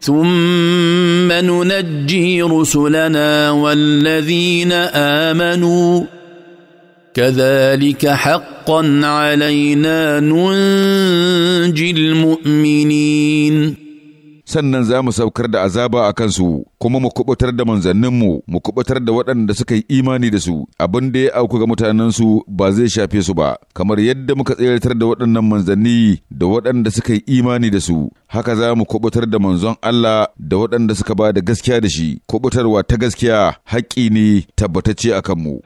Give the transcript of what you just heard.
ثم ننجي رسلنا والذين امنوا كذلك حقا علينا ننجي المؤمنين sannan za mu saukar da azaba a kansu kuma mu kubutar da manzanninmu mu kubutar da waɗanda suka yi imani da su abin da ya auku ga mutanensu ba zai shafe su ba kamar yadda muka tsayartar da waɗannan manzanni da waɗanda suka yi imani da su haka za mu kubutar da manzon Allah da waɗanda suka ba da gaskiya da shi kubutarwa ta gaskiya haƙƙi ne tabbatacce a kanmu